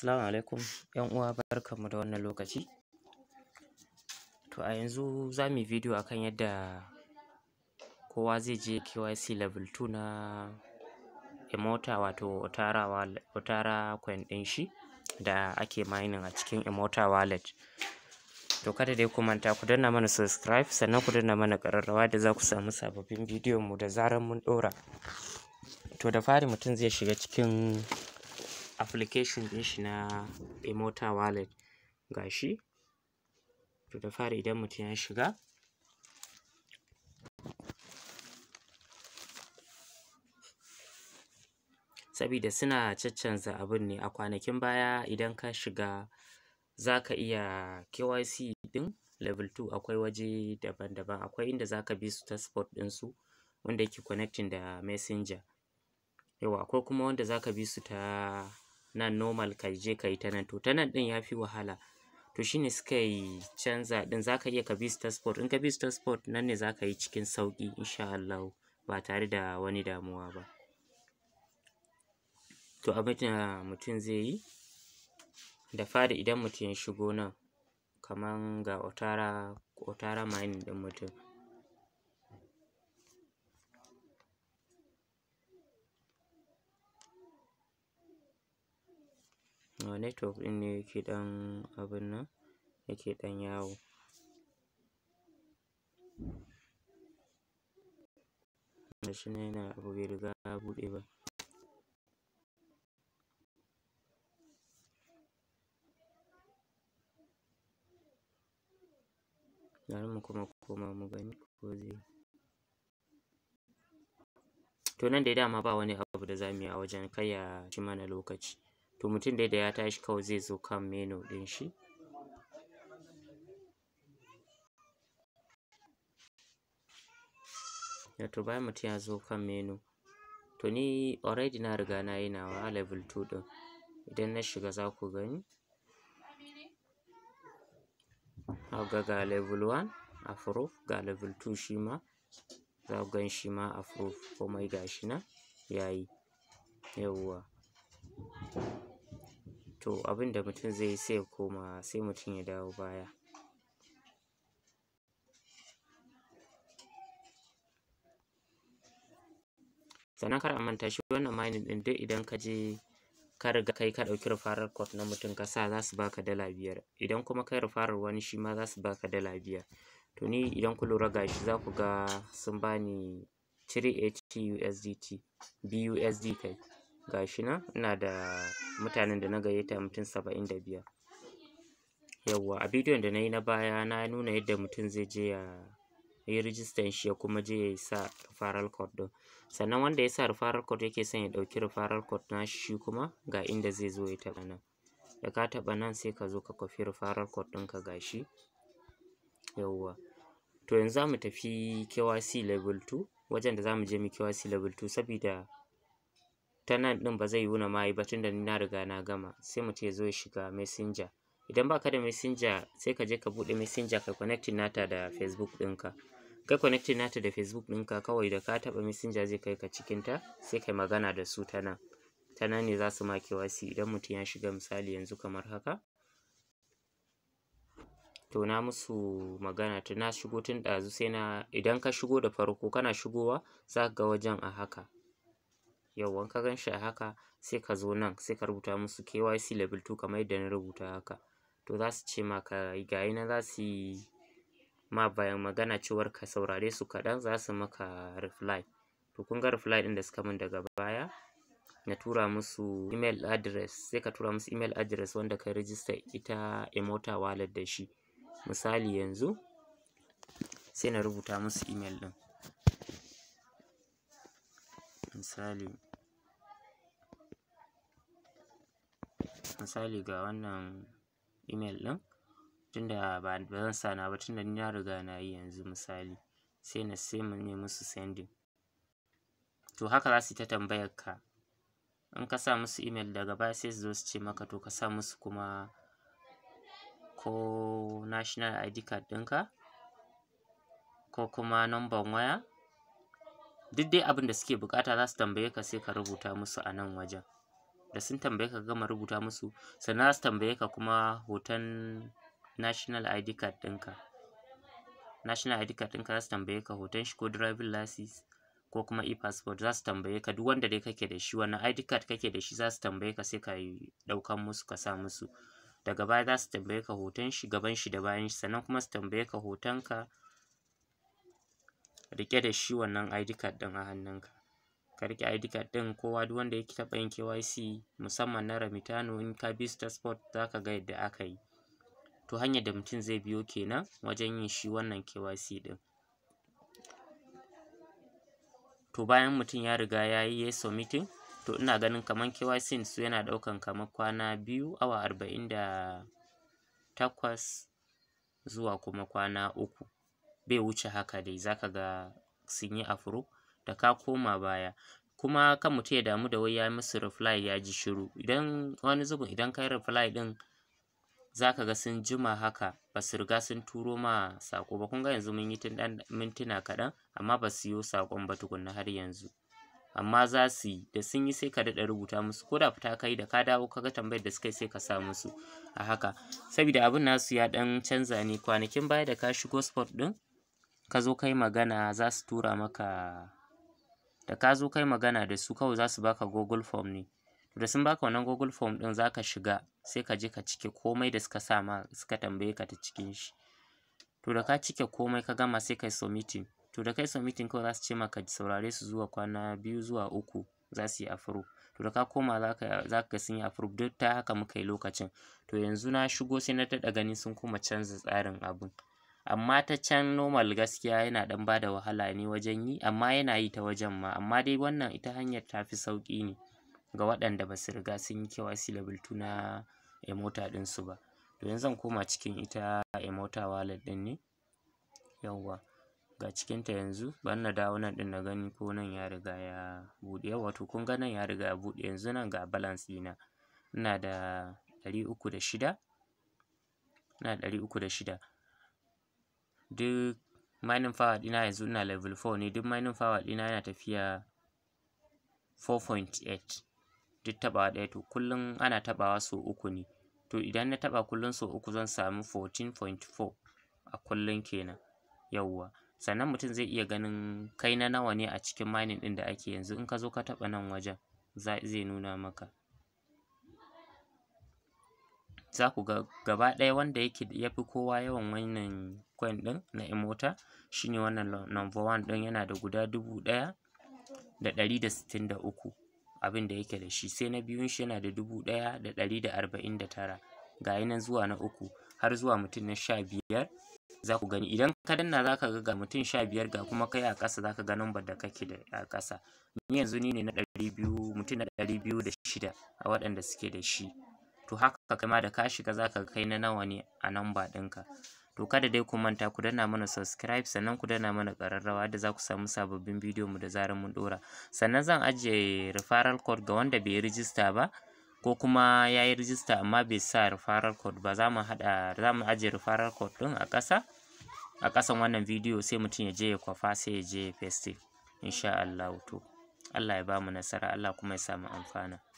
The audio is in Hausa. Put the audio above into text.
Assalamu alaikum ‘yan uwa barkanmu da wannan lokaci. To a yanzu za mu yi bidiyo akan yadda kowa zai je KYC level two na Emota wato Otara wallet coin ɗin shi da ake mining a cikin Emota wallet. To kada dai ku manta ku danna mana subscribe sannan ku danna mana ƙararrawa da za ku samu sababbin bidiyon mu da zarar mun ɗora. To da fari mutum zai shiga cikin application ɗin shi na Emota wallet ga shi to da fari idan mutum ya shiga sabida suna caccanza abin ne a kwanakin baya idan ka shiga za ka iya KYC ɗin level 2 akwai waje daban-daban akwai inda za ka bi su ta spot ɗinsu wanda yake connecting da messenger yauwa akwai kuma wanda za ka bi su ta nan normal ka je ka yi ta nan to ta nan ɗin ya fi wahala to shine suka yi canza ɗin za ka iya ka bi in ka bi nan ne za ka yi cikin sauƙi insha Allah ba tare da wani damuwa ba to abin da mutum zai yi da fari idan mutum ya shigo nan kaman ga Otara Otara mining ɗin mutum network ɗin ne yake ɗan abun nan yake ɗan yawo shi nan yana abu bai riga ya buɗe ba bari mu kuma koma mu gani ko zai to nan dai dama ba wani abu da za mu yi a wajen kar ya ci mana lokaci to mutum dai da ya tashi kawai zai zo kan menu ɗin shi to bayan mutum ya zo kan menu to ni already na riga na yi nawa a level 2 ɗin idan na shiga za ku gani ga ga level 1 approve ga level 2 shi ma za ku gan shi ma approve komai ga shi na ya yi yawwa to abin da mutum zai yi sai ya koma sai mutum ya dawo baya sannan kar a manta shi wannan mining ɗin duk idan ka je ka riga kai ka ɗauki rufarar code na mutum ka sa za su baka dala biyar idan kuma kai rufarar wani shi ma za su baka dala biyar to ni idan ku lura ga shi za ku ga sun bani 3 USDT BUSD kai gashi nan ina da mutanen da na gayyata mutum saba'in da biyar yawwa a bidiyon da na yi na baya na nuna yadda mutum zai je ya yi rijistan shi ya kuma je ya sa referral code ɗin sannan wanda ya sa referral code yake son ya ɗauki referral code na shi kuma ga inda zai zo ya taɓa nan da ka taɓa nan sai ka zo ka kwafi referral code ɗinka ga shi yawwa to yanzu za mu tafi KYC level 2 wajen da za mu je mu KYC level 2 sabida ta nan ɗin ba zai yiwu na ma yi ba tunda ni na riga na gama sai mutum ya zo ya shiga messenger idan baka da messenger sai ka je ka buɗe messenger kai connecting nata da facebook ɗinka kai connecting nata da facebook ɗinka kawai da ka taɓa messenger zai kai ka cikin ta sai kai magana da su ta nan ta nan ne za su ma wasi, idan mutum ya shiga misali yanzu kamar haka to na musu magana ta na shigo tun ɗazu sai na idan ka shigo da farko kana shigowa za ka ga wajen a haka Yau, wanka ka gan shi haka sai ka zo nan sai ka rubuta musu KYC level 2 kamar yadda na rubuta haka to za su ce ma ka ga yi za su yi ma bayan magana cewar ka saurare su kaɗan za su maka reply to kun ga reply ɗin da suka min daga baya na tura musu email address sai ka tura musu email address wanda ka register ita emota wallet da shi misali yanzu sai na rubuta musu email ɗin misali misali ga wannan email ɗin tunda ba zan sa na ba tunda ni na riga na yi yanzu misali sai na sai mu nemi musu sending to haka za su yi ta tambayar ka in ka sa musu email daga baya sai su zo su ce maka to ka sa musu kuma ko national ID card ɗinka ko kuma number waya duk dai abin da suke bukata za su tambaye ka sai ka rubuta musu a nan wajen da sun tambaye ka gama rubuta musu sannan za su tambaye ka kuma hoton national ID card ɗinka national ID card ɗinka za su tambaye ka hoton shi ko driving license ko kuma e-passport za su tambaye ka duk wanda dai kake da shi wani ID card kake da shi za su tambaye ka sai ka ɗaukan musu ka sa musu daga baya za su tambaye ka hoton shi gaban shi da bayan shi sannan kuma su tambaye ka hoton ka riƙe da shi wannan ID card ɗin a hannunka ka riƙe ID card ɗin kowa duk wanda ya taɓa yin KYC musamman na Remitano in ka bi su ta spot za ka ga yadda aka yi to hanyar da mutum zai biyo kenan wajen yin shi wannan KYC ɗin to bayan mutum ya riga ya yi ya yi submitting to ina ganin kamar KYC su yana ɗaukan kamar kwana biyu awa arba'in da takwas zuwa kuma kwana uku bai wuce haka dai za ka ga sun yi approve da ka koma baya kuma kan mutum ya damu da wai ya musu reply ya ji shiru idan wani zubin idan kayi reply ɗin zaka ga sun jima haka ba su riga sun turo ma sako ba kunga yanzu mun yi tun mintuna kaɗan amma ba su yi saƙon ba tukunna har yanzu amma za su yi da sun yi sai ka daɗa rubuta musu ko da fita ka yi da ka dawo ka ga tambayar da suka yi sai ka sa musu a haka saboda abin nasu ya ɗan canza ne kwanakin baya da ka shigo sport ɗin ka zo kai magana za su tura maka da ka zo kai magana da su kawai za su baka google form ne da sun baka wannan google form din za ka shiga sai ka je ka cike komai da suka sa ma suka tambaye ka ta cikin shi to da ka cike komai ka gama sai kai submitting to da kai submitting kawai za su ce maka saurare su zuwa kwana biyu zuwa uku za su yi afro to da ka koma za ka sun yi approve duk ta haka muka yi lokacin to yanzu na shigo sai na daɗa ganin sun kuma canza tsarin abin. amma ta can normal gaskiya yana ɗan da wahala ne wajen yi amma yana yi ta wajen ma amma dai wannan ita hanyar ta fi sauƙi ne ga waɗanda ba su riga sun yi KYC level 2 na Emota ɗinsu ba to yanzu zan koma cikin ita Emota wallet ɗin ne yawwa ga cikinta yanzu bari na dawo nan ɗin na gani ko nan ya riga ya buɗe yawwa to kun ga nan ya riga ya buɗe yanzu nan ga balance ɗina ina ina da ɗari uku da shida duk mining power ɗina yanzu ina level 4 ne duk mining power ɗina yana tafiya 4.8 duk taɓawa ɗaya to kullum ana taɓawa so uku ne to idan na taɓa kullum so uku zan samu 14.4 a kullum kenan yawwa sannan mutum zai iya ganin kai na nawa ne a cikin mining ɗin da ake yanzu in ka zo ka taɓa nan wajen zai nuna maka za ku ga gaba ɗaya wanda yake ya fi kowa yawan wannan coin ɗin na Emota ne wannan number one ɗin yana da guda dubu ɗaya da ɗari da sittin da uku abin da yake da shi sai na biyun shi yana da dubu ɗaya da ɗari da arba'in da tara ga yi nan zuwa na uku har zuwa mutum na sha biyar za ku gani idan ka danna za ka ga ga mutum sha biyar ga kuma kai a ƙasa za ka ga number da kake da a ƙasa ni yanzu ni ne na ɗari biyu mutum na ɗari biyu da shida a waɗanda suke da shi to haka kai ma da ka shiga za ka kai na nawa ne a namba ɗinka to kada dai ku manta ku danna mana subscribe sannan ku danna mana ƙararrawa da za ku samu sababbin bidiyo mu da zarar mun ɗora sannan zan ajiye referral code ga wanda bai yi ba ko kuma ya yi rijista amma bai sa referral code ba za mu haɗa za ajiye referral code ɗin a ƙasa a ƙasan wannan bidiyo sai mutum ya je ya kwafa sai ya je ya paste insha Allah to Allah ya bamu nasara Allah kuma ya sa mu amfana